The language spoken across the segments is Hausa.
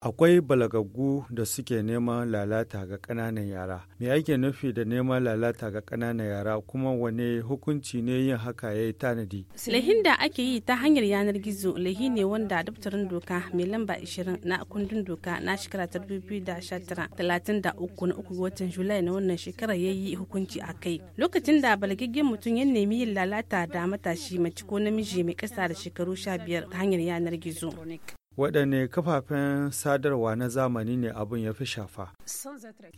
Akwai balagaggu da suke neman lalata ga ƙananan yara. Me ake nufi da neman lalata ga ƙananan yara kuma wane hukunci ne yin haka ya yi tanadi? Lahin da ake yi ta hanyar yanar gizo lahi ne wanda daftarin doka mai lamba 20 na kundin doka na shekara ta 2019 da uku na uku watan Julai na wannan shekarar ya yi hukunci a kai. Lokacin da balagaggen mutum ya nemi yin lalata da matashi mace ko namiji mai ƙasa da shekaru 15 ta hanyar yanar gizo. waɗanne kafafen sadarwa na zamani ne abin ya fi shafa.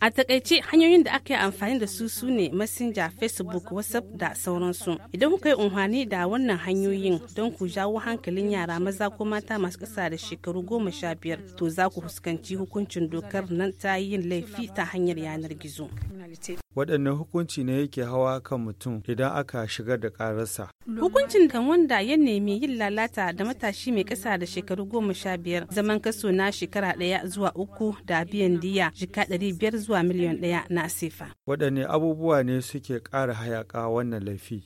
A takaice hanyoyin da aka yi amfani da su su ne Messenger, Facebook, WhatsApp da sauransu. Idan kuka yi unhwani da wannan hanyoyin don ku jawo hankalin yara maza ko mata masu ƙasa da shekaru goma sha biyar to za ku fuskanci hukuncin dokar nan ta yin laifi ta hanyar yanar gizo. waɗanne hukunci ne yake hawa kan mutum idan aka shigar da ƙararsa. Hukuncin kan wanda ya nemi yin lalata da matashi mai ƙasa da shekaru goma sha biyar zaman kaso na shekara ɗaya zuwa uku da biyan diya jika ɗari biyar zuwa miliyan ɗaya na sifa Waɗanne abubuwa ne suke ƙara hayaƙa wannan laifi.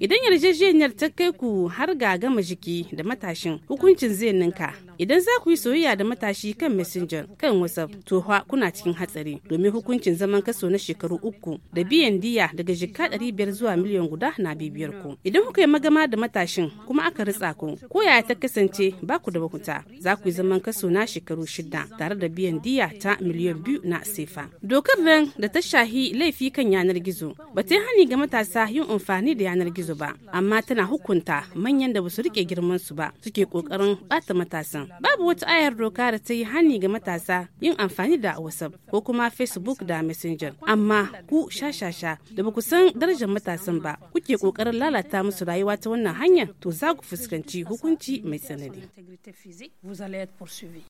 Idan yarjejeniyar ta kai ku har ga gama jiki da matashin hukuncin zai ninka. Idan za ku yi soyayya da matashi kan messenger kan whatsapp to kuna cikin hatsari domin hukuncin zaman kaso na shekaru uku da biyan diya daga jika ɗari biyar zuwa miliyan guda na bibiyar ku idan kuka yi magama da matashin kuma aka ritsa ku ko yaya ta kasance ba ku da bakuta za ku yi zaman kaso na shekaru shida tare da biyan diya ta miliyan biyu na sefa dokar nan da ta shahi laifi kan yanar gizo ba ta yi hani ga matasa yin amfani da yanar gizo ba amma tana hukunta manyan da ba su rike girman su ba suke kokarin bata matasan babu wata ayar doka da ta yi hani ga matasa yin amfani da whatsapp ko kuma facebook da messenger amma ku shashasha da ba ku san darajar matasan ba kuke kokarin lalata musu rayuwa ta wannan hanya to za ku fuskanci hukunci mai tsanani